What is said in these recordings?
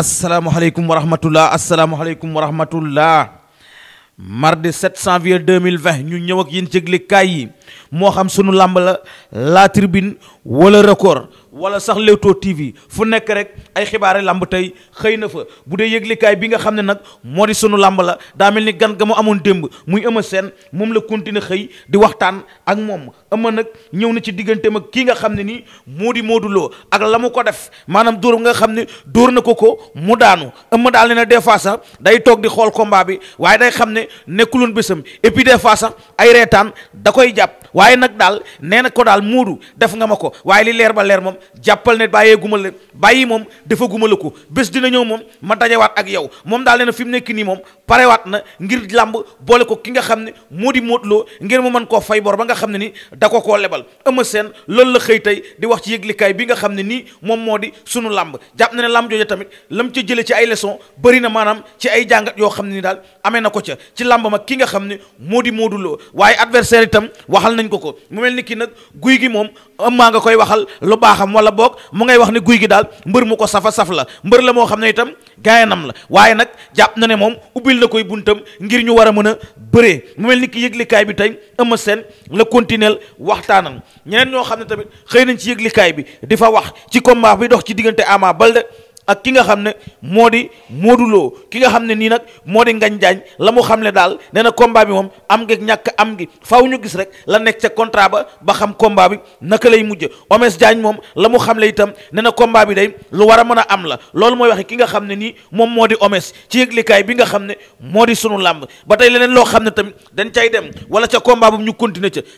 asalaamaaleykum wa rahmatullah asalaamaaleykum wa rahmatullah mardi deux mille vingt ñu ñëw ak yéen ci yi moo xam sunu làmb la la tribune wala record wala sax Leewtoo TV fu nekk rek ay xibaare làmb tey xëy na fa bu dee yëglikaay bi nga xam ne nag moo di sunu làmb la daa mel ni gan ga mu amoon démb muy Eumeu seen moom la continuer xëy di waxtaan ak moom Eumeu nag ñëw na ci diggante mag ki nga xam ne nii moo di Modou ak la mu ko def maanaam dóor nga xam ne dóor na ko ko mu daanu Eumeu daal ne na des fois sax day toog di xool combat bi waaye day xam ne nekkuloon bésam et waaye nag daal nee na ko daal muudu def nga ma ko waaye li leer ba leer moom jàppal ne bàyyee guma la bàyyi moom dafa guma la ko bés dina ñëw moom ma dajewaat ak yow moom daal nee na fi mu nekk nii moom parewaat na ngir làmb boole ko ki nga xam ne moo di Modou Lo ngir mu mën koo fay bor ba nga xam ne ni da ko koo lebal Eumeu Sène loolu la xëy tey di wax ci yëglikaay bi nga xam ne nii moom moo di sunu làmb jàpp na làmb jooju tamit lam ca jëlee ci ay leçon bëri na maanaam ci ay jàngat yoo xam ne ni daal amee na ko ca ci làmb ma ki nga xam ne moo di Modou Lo waaye adversaire itam waxal nañ ko ko mu mel ni kii nag guy gi moom maa nga koy waxal lu baaxam wala boog mu ngay wax ne guy gi daal mbër mu ko safa saf la mbër la moo xam ne itam gayanam la waaye nag jàpp na ne moom ubbil na koy buntam ngir ñu war a mën a bëree mu mel ni ki yëglikaay bi tey Eumeu Sène la continuer waxtaanam ñeneen ñoo xam ne tamit xëy nañ ci yëglikaay bi di fa wax ci combat bi dox ci diggante Ama Baldé ak ki nga xam ne moo di Modou Lo ki nga xam ne nii nag moo di ngañ Diagne la mu xam ne daal nee na combat bi moom am ngeeg ñàkk am gi faaw ñu gis rek la nekk ca contrat ba ba xam combat bi naka lay mujj Omes Diagne moom la mu xam le itam nee na combat bi day lu war a mën a am la loolu mooy waxe ki nga xam ne nii moom moo di Omes ci yëglikaay bi nga xam ne moo di sunu làmb ba tey leneen loo xam ne tamit dañ cay dem wala ca combat bu ñu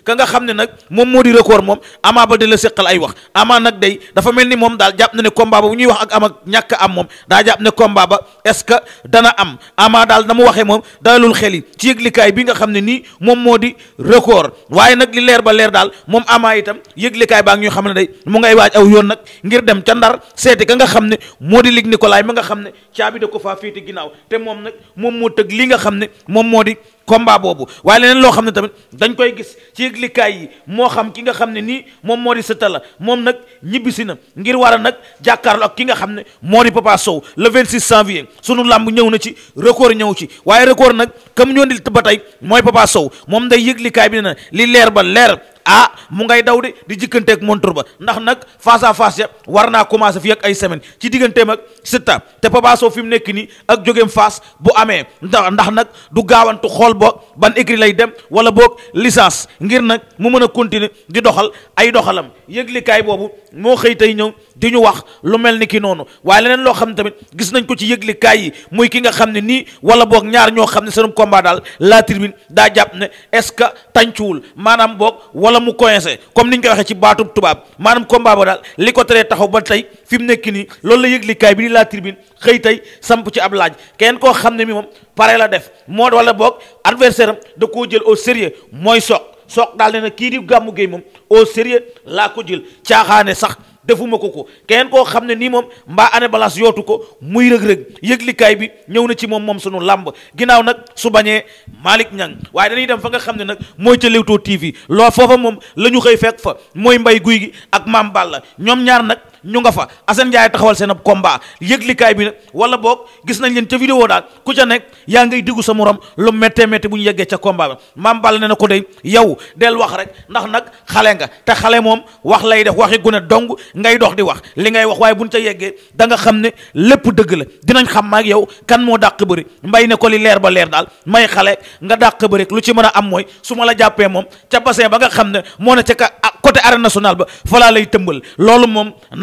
ca nga xam ne nag moom moo di record moom Ama Baldé la séqal ay wax Ama nag day dafa mel ni moom daal jàpp na ne combat bu ñuy wax ak am ak ñàkk am moom daa jàpp ne combat ba est dana am ama daal na mu waxee moom dalul xel yi ci yëglikaay bi nga xam ne nii moom moo di record waaye nag li leer ba leer daal moom ama itam yëglikaay baa ngi ñu xam ne day mu ngay waaj aw yoon nag ngir dem ca ndar seeti ka nga xam ne moo di lig Nikolaay mi nga xam ne caabi da ko faa féete ginnaaw te moom nag moom moo tëgg li nga xam ne moom moo di combat boobu waaye leneen loo xam ne tamit dañ koy gis ci yëglikaay yi moo xam ki nga xam ne nii moom moo di Siteu moom nag ñibbisi na ngir war a nag jàkkaarloo ak ki nga xam ne moo di Papa Sow la le 26 janvier sunu làmb ñëw na ci record ñëw ci waaye record nag comme ñoo di ba tey mooy Papa Sow moom day yëglikaay bi ne na li leer ba leer ah mu ngay daw de di jikkanteeg montre ba ndax nag face à face ya war naa commencé fi ak ay semaine ci digganteem ak Siteu te Papa Sow fi mu nekk nii ak jógeem fas bu amee ndax ndax nag du gaawantu xool ba ban écrit lay dem wala boog licence ngir nag mu mën a continuer di doxal ay doxalam yëglikaay boobu moo xëy tey ñëw di ñu wax lu mel ni ki noonu waaye leneen loo xam ne tamit gis nañ ko ci yëglikaay yi muy ki nga xam ne nii wala boog ñaar ñoo xam ne seen combat daal la daa jàpp ne est-ce que tàncuwul maanaam boog wala mu coincé comme ni ñu koy waxee ci baatu tubaab maanaam combat ba daal li ko teree taxaw ba tey fi mu nekk nii loolu la kaay bi di la tribune xëy tey samp ci ab laaj kenn koo xam ne mi moom pare la def moo wala boog adversaire am da koo jël au sérieux mooy soq soq daal ne na kii di gàmmu géey moom o sérieux laa ko jël caaxaane sax defuma ko ko keneen koo xam ne nii moom mbaa année balance yootu ko muy rëg-rëg yëglikaay bi ñëw na ci moom moom sunu làmb ginnaaw nag su bañee malik Niang waaye dañuy dem fa nga xam ne nag mooy ca Leewtoo TV loo foofa moom la ñu xëy fekk fa mooy mbay guy gi ak maam Balla ñoom ñaar nag ñu nga fa Assane Ndiaye taxawal seen ab combat yëglikaay bi nag wala boog gis nañ leen ca vidéo daal ku ca nekk yaa ngay diggu sa morom lu méttee métti bu ñu yeggee ca combat ba maam Balla ne na ko dey yow del wax rek ndax nag xale nga te xale moom wax lay def waxi gune dong ngay dox di wax li ngay wax waaye bu ñu ca yeggee da nga xam ne lépp dëgg la dinañ xam maag yow kan moo dàq bëri mbay ne ko li leer ba leer daal may xale nga dàq bëri lu ci mën a am mooy su la jàppee moom ca bassin ba nga xam ne moo ne ca ah, côté arène nationale ba fa tëmbal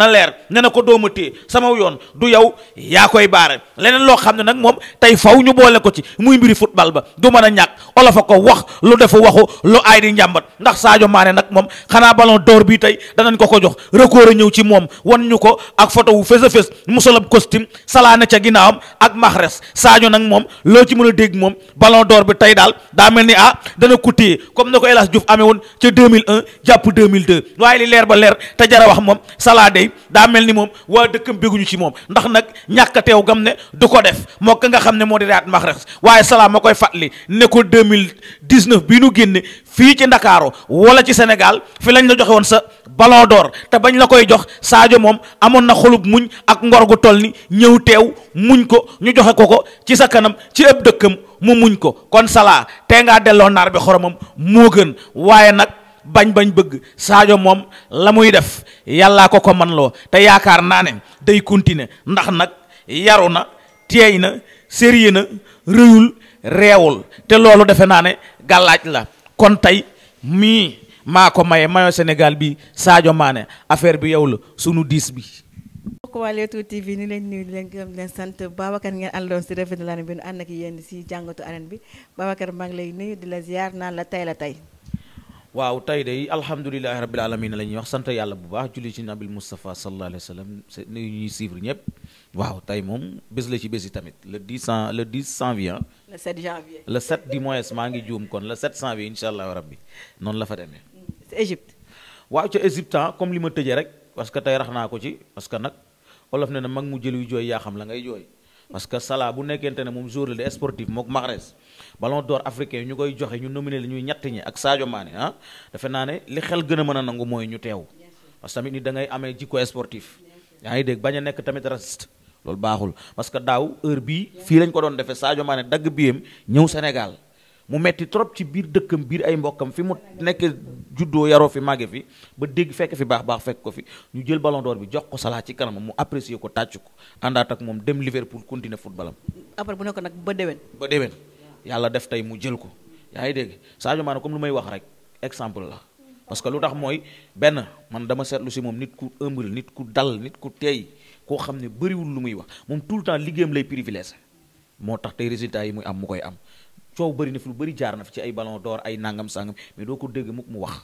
na leer ne na ko doomu téye sama yoon du yow yaa koy baare leneen loo xam ne nag moom tey faw ñu boole ko ci muy mbiri football ba du mën a ñàkk olof a ko wax lu defu waxu lu aay di njàmbat ndax saajo Mané nag moom xanaa ballon door bi tey danañ ko ko jox record ñëw ci moom wan ko ak photo wu fés a fés musolab costume salaana ca ginnaawam ak Mahrez Sadio nag moom loo ci mën a dégg moom ballon d'or bi tey daal daa mel ni ah dana ko téye comme na ko El Hadj Diouf amee woon ca 2001 jàpp 2002 waaye li leer ba leer te jara wax moom Salah day daa mel ni moom waa dëkkam béguñu ci moom ndax nag ñàkk teew gam ne du ko def moo ka nga xam ne moo di Riyad Mahrez waaye salaa ma koy fàttali ne ko 2019 bii nu génne fii ci Ndakaaru wala ci senegal fi lañ la joxe woon sa ballon door te bañ la koy jox Sadio moom amoon na xolub muñ ak ngor gu toll ni ñëw teew muñ ko ñu joxe ko ko ci sa kanam ci ëpp dëkkam mu muñ ko kon salaa tey ngaa delloo naar bi xoromam moo gën waaye nag bañ bañ bëgg Sadio moom la muy def yàllaa ko ko man loo te yaakaar naa ne day continuer ndax nag yaru na teey na sérieux na rëyul reewul te loolu defe naa ne gàllaaj la kon tey mii maa ko maye mayo Sénégal bi Sadio Mané affaire bi yow la sunu diis bi ko waa Leewtoo TV ni leen nuyu sant Babacar ngeen àndoon si revue de l'arène bi nu ànd ak yéen si jàngatu arène bi Babacar maa ngi lay nuyu di la ziar naan la tey la tey waaw tey day alhamdulilahi rabil alamin la ñuy wax sant yàlla bu baax julli ci nabil Moustapha sallallahu alayhi wa sallam nuyu ñuy suivre ñëpp waaw tey moom bés la ci bés yi tamit le 10 le 10 ah. janvier. le 7 janvier le 7 du mois maa ngi juum kon le 7 janvier incha allah rabbi noonu la fa demee. c'est Égypte. waaw ca Égypte ah, comme li ma tëjee rek parce que tey rax naa ko ci parce que nag olof ne na mag mu jël yu jooy yaa xam la ngay jooy. parce que Salah bu nekkente ne moom jour la de sportif mook Mahrez ballon d'or africain ñu koy joxe ñu nominé la ñuy ñett ñi ak Sadio Mané ah defe naa ne li xel gën a mën a nangu mooy ñu teew parce que tamit ni da ngay amee jikko sportif yaa ngi dégg bañ a nekk tamit raciste loolu baaxul parce que daaw heure bii fii lañ ko doon defee Sadio Mané dagg biyam ñëw Sénégal mu metti trop ci biir dëkkam biir ay mbokkam fi mu nekk juddoo yaroo fi màgge fi ba dégg fekk fi baax baax fekk ko fi ñu jël ballon door bi jox ko Salah ci kanamam mu apprécier ko tàcc ko àndaat ak moom dem Liverpool continuer footballam. après bu ne ko nag ba déwén. ba déwén yàlla def tey mu jël ko yaa ngi dégg Sadio Mané comme lu may wax rek exemple la. parce que lu tax mooy benn man dama seetlu si moom nit ku ëmbal nit ku dal nit ku teey koo xam ne bëriwul lu muy wax moom tout le temps liggéeyam lay privilégié moo tax tey résultat yi muy am mu koy am. coow bëri na fi lu bëri jaar na fi ci ay ballon d'or ay nàngam sangam mais doo ko dégg mukk mu wax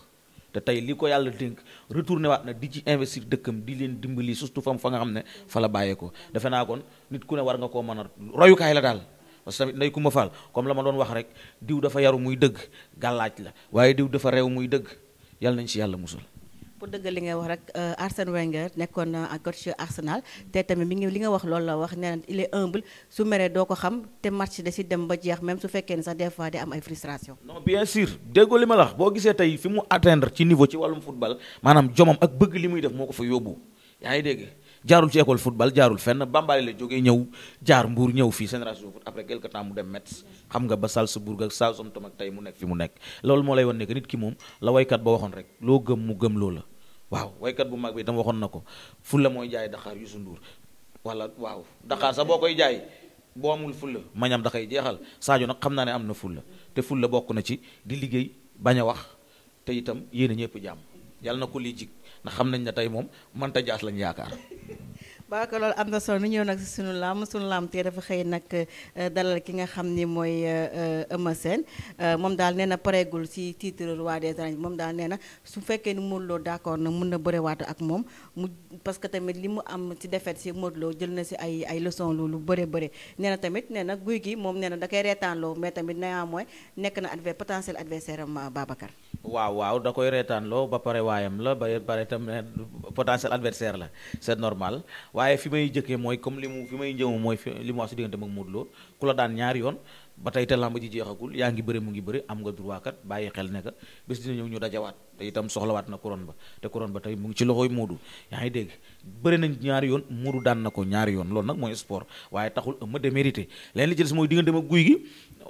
te tey li ko yàlla dénk retourné waat na di ci investir dëkkam di leen dimbali surtout fam fa nga xam ne fa la bàyyee ko defe naa kon nit ku ne war nga koo mën a royukaay la daal parce que tamit ndey ku ma faal comme la ma doon wax rek diw dafa yaru muy dëgg gàllaaj la waaye diw dafa réew muy dëgg yàlla nañ si yàlla musul pour dëggal li nga wax rek euh, Arsène Wenger nekkoon en coach Arsenal te tamit mi ngi li nga wax loolu la wax nee na il est humble su meree doo ko xam te match da si dem ba jeex même su fekkee ni sax des fois di am ay frustration non bien sûr déggoo li ma la wax boo gisee tey fi mu atteindre ci niveau ci wàllum football maanaam jomam ak bëgg li muy def moo ko fa yóbbu yaa ngi dégg jaarul ci école football jaarul fenn Bambali la jógee ñëw jaar mbuur ñëw fii génération foot après quelque temps mu dem Metz xam nga ba Salzbourg ak Southampton ak tey mu nekk fi mu nekk loolu moo lay wan ki moom la waykat ba waxoon rek loo gëm mu gëm loo la waaw waykat bu mag bi itam waxoon na ko fulla mooy jaay daxaar Youssou Ndour wala waaw daxaar sax boo koy jaay boo amul fulla mañam da jeexal Sadio nag xam naa ne am na fulla te fulla bokk na ci di liggéey bañ a wax te itam yéen a ñëpp jàmm yàlla na ko lii jig ndax xam nañ ne tey moom manta jaas lañ yaakaar waaw loolu am na solo nu ñëw nag si sunu laam sunu laam tey dafa xëy nag eh, dalal ki nga xam ni mooy eh, eh, Eumeu Sène moom daal nee na pareegul si titre roi des arènes moom daal nee na su fekkee ni Modou Lo d'accord na mun na bërewaat ak moom mu parce que tamit li mu am ci défaite si Modou jël na si ay ay leçon loolu bëre bëre nee na tamit nee na guy gi moom nee na da koy reetaanloo mais tamit naa mooy nekk na adver potentiel adversaire am ah, Babacar waaw waaw da koy reetaanloo ba pare waayam la ba pare tam potentiel adversaire la c'est normal waaye fi may jëkkee mooy comme li mu may njëw mooy fi li mu wax si diggante mag Modou Lo ku la daan ñaari yoon ba tey te làmb ji jeexagul yaa ngi bëri mu ngi bëri am nga droit kat bàyyi xel ne ka bés dina ñëw ñu dajawaat te itam soxlawaat na couronne ba te couronne ba tey mu ngi ci loxoy Modou yaa ngi dégg bëre nañ ñaar yoon Modou daan na ko ñaari yoon loolu nag mooy sport waaye taxul ma démérité leen li ci des mooy diggante ma guy gi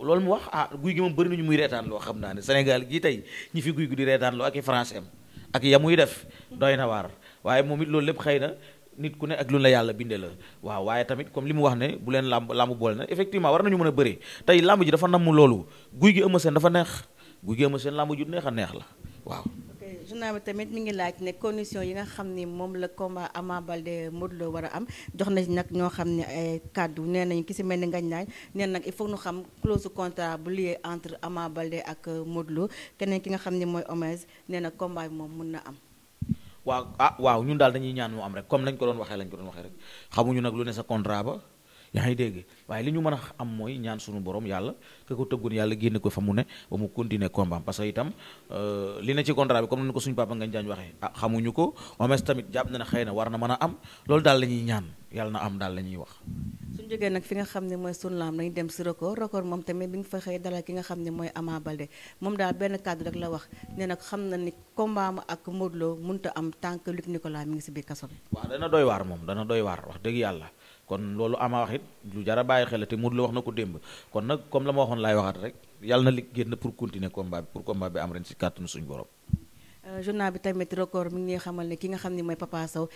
loolu mu wax ah guy gi moom bëri nañu muy reetaan loo xam naa ne Sénégal gii tey ñi fi guy di reetaan loo ak i français am ak ya muy def doy na waar waaye moom it loolu lépp xëy na nit ku ne ak lu la yàlla bindee la waaw waaye tamit comme li mu wax ne bu leen làmb làmb boole na effectivement war nañu mën a bëree tey làmb ji dafa namm loolu guy gi Eumeu Sène dafa neex guy gi Eumeu Sène làmb ju neex a neex la waaw. journal bi tamit mi ngi laaj ne condition yi nga xam ni moom la combat Ama Baldé Modou war a am jox na nag ñoo xam ne ay eh, kàddu nee nañu ki si mel ni ngañ naañ nee nag il faut ñu xam clause contrat bu lié entre Ama balde ak Modou Lo keneen ki nga xam ne mooy Omez nee na combat moom mun na am. waaw ah waaw ñun daal dañuy ñaan moo am rek comme lañ ko doon waxee lañ ko doon waxee rek xamuñu nag lu ne sa contrat ba yaa ngi dégg waaye li ñu mën a am mooy ñaan suñu borom yàlla ke ko tëggoon yàlla génne ko fa mu ne ba mu continuer combat parce que itam euh, li ne ci comme ko suñu nga jaañ waxee ah xamuñu ko omes tamit na ne xëy na war na mën a am loolu daal la ñuy ñaan yàlla na am daal la ñuy wax suñu jógee nag fi nga xam ne mooy sunu laam dañu dem si record record moom tamit bi ñu fa xëy ki nga xam ne mooy Ama Baldé moom daal benn kàddu rek la wax ne nag xam na ni combat ma ak Modou Lo mënut a am tant que Luc Nicolas mi ngi si biir kaso bi dana doy waar moom dana doy waar wax dëgg yàlla kon loolu ama wax it lu jar a bàyyi xel te Modou Lo wax na ko démb kon nag comme la ma waxoon laay waxaat rek yàlla na li génn pour continuer combat bi pour combat bi am ren si kàttanu suñu borom. Euh, journal bi tamit record mi ngi xamal ne ki nga xam ne mooy Papa Sow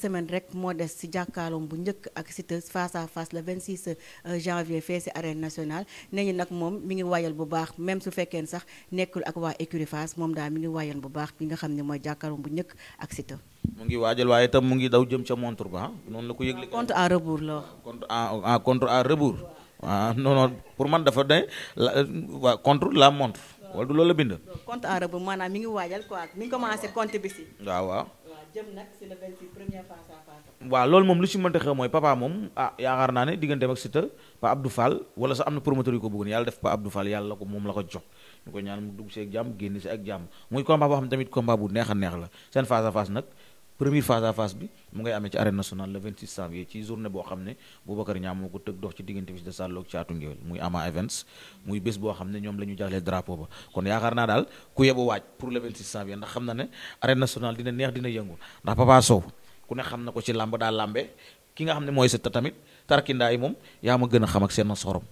semaine rek moo des ci jàkkaarloom bu njëkk ak Siteu face à face le 26 euh, janvier fee ci nationale nee nag moom mi ngi waajal bu baax même su fekkee sax nekkul ak waa écurie Fass moom daal mi ngi waajal bu baax ki nga xam ne mooy jàkkaarloom bu njëkk ak Siteu. mu ngi waajal waaye itam mu ngi daw jëm ca montre ba ah, noonu la ko yëgle. compte à rebours la compte à ah, contre à rebours. waaw non non pour man dafa ne la euh, contre la montre. wala du loolu la bind. compte en rebours maanaam mi ngi waajal quoi mi ngi commencé compte bi si. waaw waaw. jëm si le 26 première loolu moom lu si mënta xew mooy papa moom ah yaakaar naa ne digganteem ak Siteu Pa Abdou Fall wala sa am na promoteur yu ko bëggoon yàlla def Pa Abdou Fall yàlla ko moom la ko jox. ñu ko ñaan mu dugg si ak jàmm génn si ak jàmm muy combat boo xam tamit combat bu neex a neex la seen face à nag. première face à face bi mu ngay amee ci arène nationale le 26 janvier ci journée boo xam ne Boubacar Niang moo ko tëg dox ci diggante Fils de Salla ak Caatu muy Ama Events muy bés boo xam ne ñoom la ñu jagleel drapeau ba kon yaakaar naa daal ku yebu waaj pour le 26 janvier ndax xam na ne arène nationale dina neex dina yëngu ndax Papa ku ne xam na ko ci làmb daal làmbe ki nga xam ne mooy sëtta tamit tarkindaa yi moom yaa ma gën a xam ak seen sorom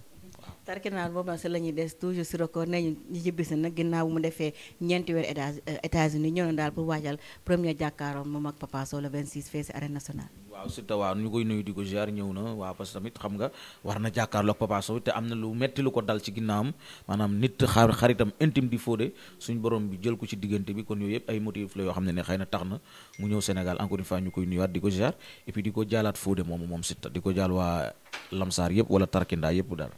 tarkinaal boobu nag si la ñuy des toujours si record ne ñu jibbi si nag ginnaaw bu mu defee ñeenti weer euh, États-Unis ñëw na daal pour waajal premier jàkkaaroon moom ak Papa Sow le 26 fee si arène nationale. waaw Siteu waaw ñu koy nuyu di ko ziar ñëw na waaw parce que tamit xam nga war na jàkkaarloo ak Papa te am na lu metti lu ko dal ci ginnaawam maanaam nit xaar xaritam intime di Fodé suñu borom bi jël ko ci diggante bi kon yooyu yëpp ay motifs la yoo xam ne ne na tax na mu ñëw Sénégal encore une fois ñu koy nuyuwaat di ko ziar di ko jaalaat Fodé moom moom Siteu di ko jaal waa Lamsaar yëpp wala Tarkinda yëpp daal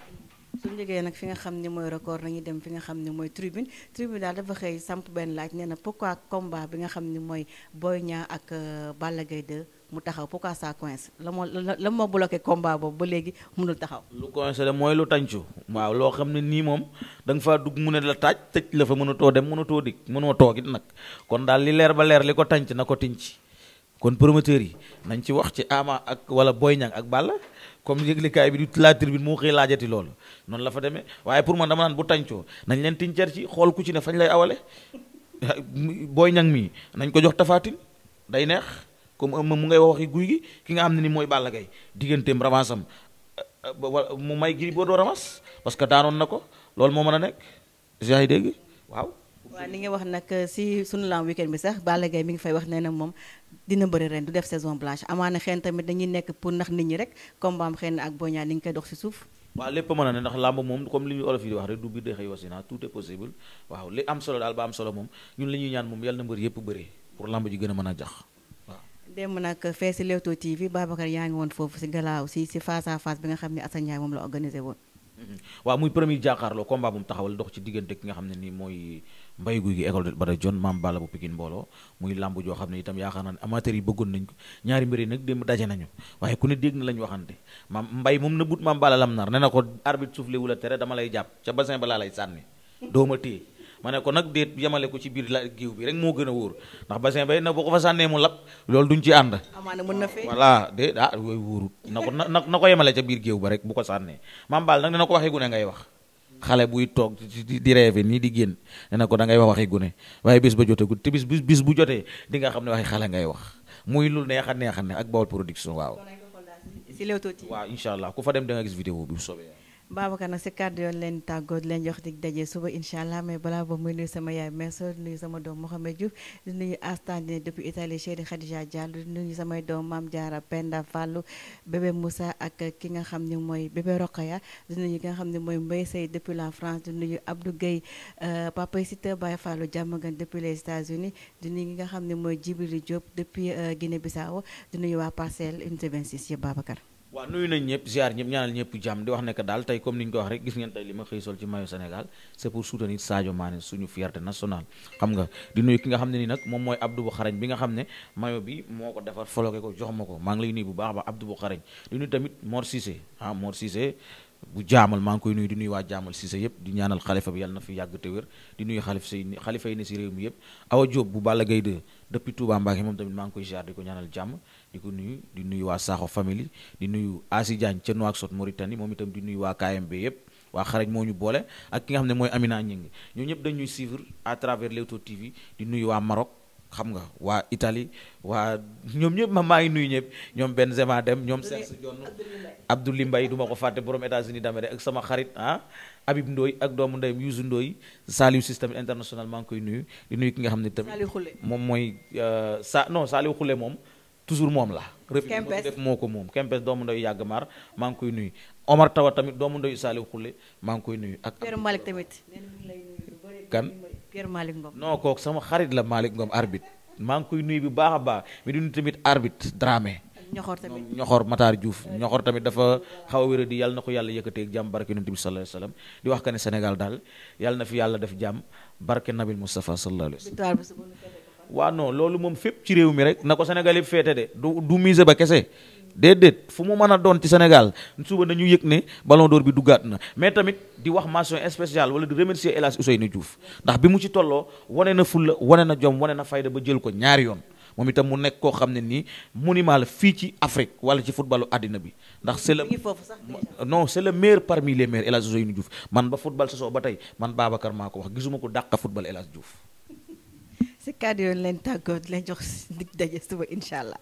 suñu jógee nag fi nga xam ne mooy record nañu dem fi nga xam ne mooy tribune tribune daal dafa xëy samp benn laaj nee na pourquoi combat bi nga xam ni mooy Boy ñaa ak euh, Balla Gaye 2 mu taxaw pourquoi ça coince la moo la moo bloqué combat boobu ba léegi mënul taxaw. lu coince la mooy lu tàncu waaw loo xam ne nii moom da nga faa dugg mu ne la taaj tëj la fa mënatoo dem mënatoo dikk mënoo toogit nag kon daal li leer ba leer li ko tànc na ko tinc kon promoteurs yi nañ ci wax ci Ama ak wala Boy Niang ak Balla comme kaay bi di la tribune moo xëy laajati lool noonu la fa demee waaye pour man dama naan bu tàncoo nañ leen tincer ci xool ku ci ne fañ lay awale booy ñang mii nañ ko jox tafaatin day neex comme mu ngay wax waxi guy gi ki nga xam ne ni mooy Balla Gaye digganteem revanche am mu may Gris Bordeaux revanche parce que daanoon na ko loolu moo mën a nekk yaa ngi dégg waaw waaw ni nga wax nag euh, si sunu lam weekend bi sax Balla Gaye mi ngi fay wax nee na nekk pour nax nit ñi rek combat am xëy na ak Boy Niang li a am solo daal ba am solo moom ñun li ñaan moom yàlla na mbër yëpp bëri pour làmb ji gën a mën a jax démb nag euh, fee si Leewtoo TV Babacar yaa ngi woon foofu si galaaw si si face à face bi nga xam ne Assane Ndiaye moom la organisé woon mm-hmm. waaw muy premier jàkkaarloo combat taxawal dox ci diggante ki nga xam ne nii mooy mbay guy gi école ba da jon maam Balla bu Pikine mbooloo muy làmb joo xam ne itam yaakaar naa ne amateur yi bëggoon nañ ko ñaari mbir yi nag démb daje nañu waaye ku ne dégg na la moom na lam nar ne na ko arbitre soufflé la tere dama lay jàpp ca bassin ba laa sànni dooma téye ma ne ko nag déet yemale ko ci biir la giiw bi rek moo gën a ndax bassin bay na boo ko fa sànnee mu loolu duñ ànd amaana mën na fee voilà déet ah yooyu wóorut na ko na na ko yemale ca biir géew ba rek bu ko sànnee maam Balla nag ne na ko waxee gu ngay wax xale buy toog di di rêve nii di génn ne na ko da ngay wax waxi gune waaye bis ba joteegul te bis bis bu jotee di nga xam ne waxi xale ngay wax muy lu neex a neex xam ne ak Baol production waaw. waaw incha allah ku fa dem da nga gis vidéo bi soobee. Babacar nag si kàddu leen tàggoo leen jox dig daje suba incha allah mais balaa boobu muy nuyu sama yaay Merso nuyu sama doom Mohamed Diouf di nuyu Astandine depuis Italie Chéri Khadija Diallo di nuyu samay doom Maam Diarra Penda Fallou bébé Moussa ak ki nga xam ni mooy bébé Rokhaya di nuyu ki nga xam ne mooy Mbaye Sey depuis nu France di nuyu Abdou Gueye euh, papa Sita Baye Fallou Diamagan depuis les États-Unis di nuyu ki nga xam ne mooy Djibril Diop depuis euh, Guinée Bissau di nuyu waa Parcelles unité 26 yëpp Babacar. waaw nuyu nañ ñëpp ziar ñëpp ñaanal ñëpp jàmm di wax nekk daal tey comme ni ñu ko wax rek gis ngeen tey li ma xëy sol ci maillot Sénégal c'est pour soutenir Sadio Mané suñu fierté nationale xam nga di nuyu ki nga xam ne ni nag moom mooy Abdou bu xarañ bi nga xam ne maillot bi moo ko defar foloke ko jox ma ko maa ngi lay nuyu bu baax ba Abdou bu xarañ di nuyu tamit Mor Cissé ah Mor Cissé bu jaamal maa ngi koy nuyu di nuyu waa jaamal Cissé yëpp di ñaanal xalifa bi na fi yàgg te wér di nuyu xalif say xalifa ne si réew yëpp Awa bu Balla Gaye 2 depuis Touba Mbacké moom tamit maa ngi koy ziar di ko ñaanal jàmm di ko nuyu di nuyu waa Sakho family di nuyu Asi Diagne ca Nouakchott Mauritanie moom itam di nuyu waa KMB yëpp waa xarañ moo ñu boole ak ki nga xam ne mooy Amina Gningue ñoo ñëpp dañuy suivre à travers Leewtoo TV di nuyu waa Maroc xam nga waa itali waa ñoom ñëpp ma maa ngi nuyu ñëpp ñoom Benzema dem ñoom Serge Dione Abdoulaye Mbaye du ma ko fàtte borom États-Unis d'Amérique ak sama xarit ah Habib Ndoye ak doomu ndeyam Youssou Ndoye Saliou système international maa ngi koy nuyu di ki nga xam ne tamit moom mooy euh, sa non moom toujours moom la. revue moo ko moom Kempes doomu ndoyu yàgg maar maa ngi koy nuyu Omar Tawa tamit doomu ndoyu Saliou Khoule maa ngi koy nuyu. ak Pierre Malick tamit. kan Pierre Malick Ngom. non sama xarit la Malick Ngom arbitre maa ngi koy nuyu bu baax a baax mi di nuyu tamit arbitre Dramé. ñoxor tamit ñoxor Matar Diouf ñoxor tamit dafa xaw di yàlla na ko yàlla yëkkatee ak jàmm barke yonent bi sallallahu alayhi di wax ka ne Sénégal daal yàlla na fi yàlla def jàmm barke Nabil Moustapha sallallahu alayhi waa no loolu moom fépp ci réew mi rek na ko Sénégal yëpp féete de du du musée ba kese déedéet fu mu mën a doon ci Sénégal suba ñu yëg ne ballon d'or bi duggaat na mais tamit di wax mention spéciale wala di remercier El Hadj Ousseynou Diouf ndax bi mu ci tolloo wane na fulla wane na jom wane na fayda ba jël ko ñaari yoon moom itam mu nekk koo xam ne nii mu monument la fii ci Afrique wala ci footballu àddina bi ndax c'est le non c'est le meilleur parmi les meilleurs El Hadj Ousseynou Diouf man ba football sosoo ba tey man Babacar maa ko wax gisuma ko dàq football El Hadj Diouf si kàddu yoon leen tàggoo leen jox dig daje suba incha allah.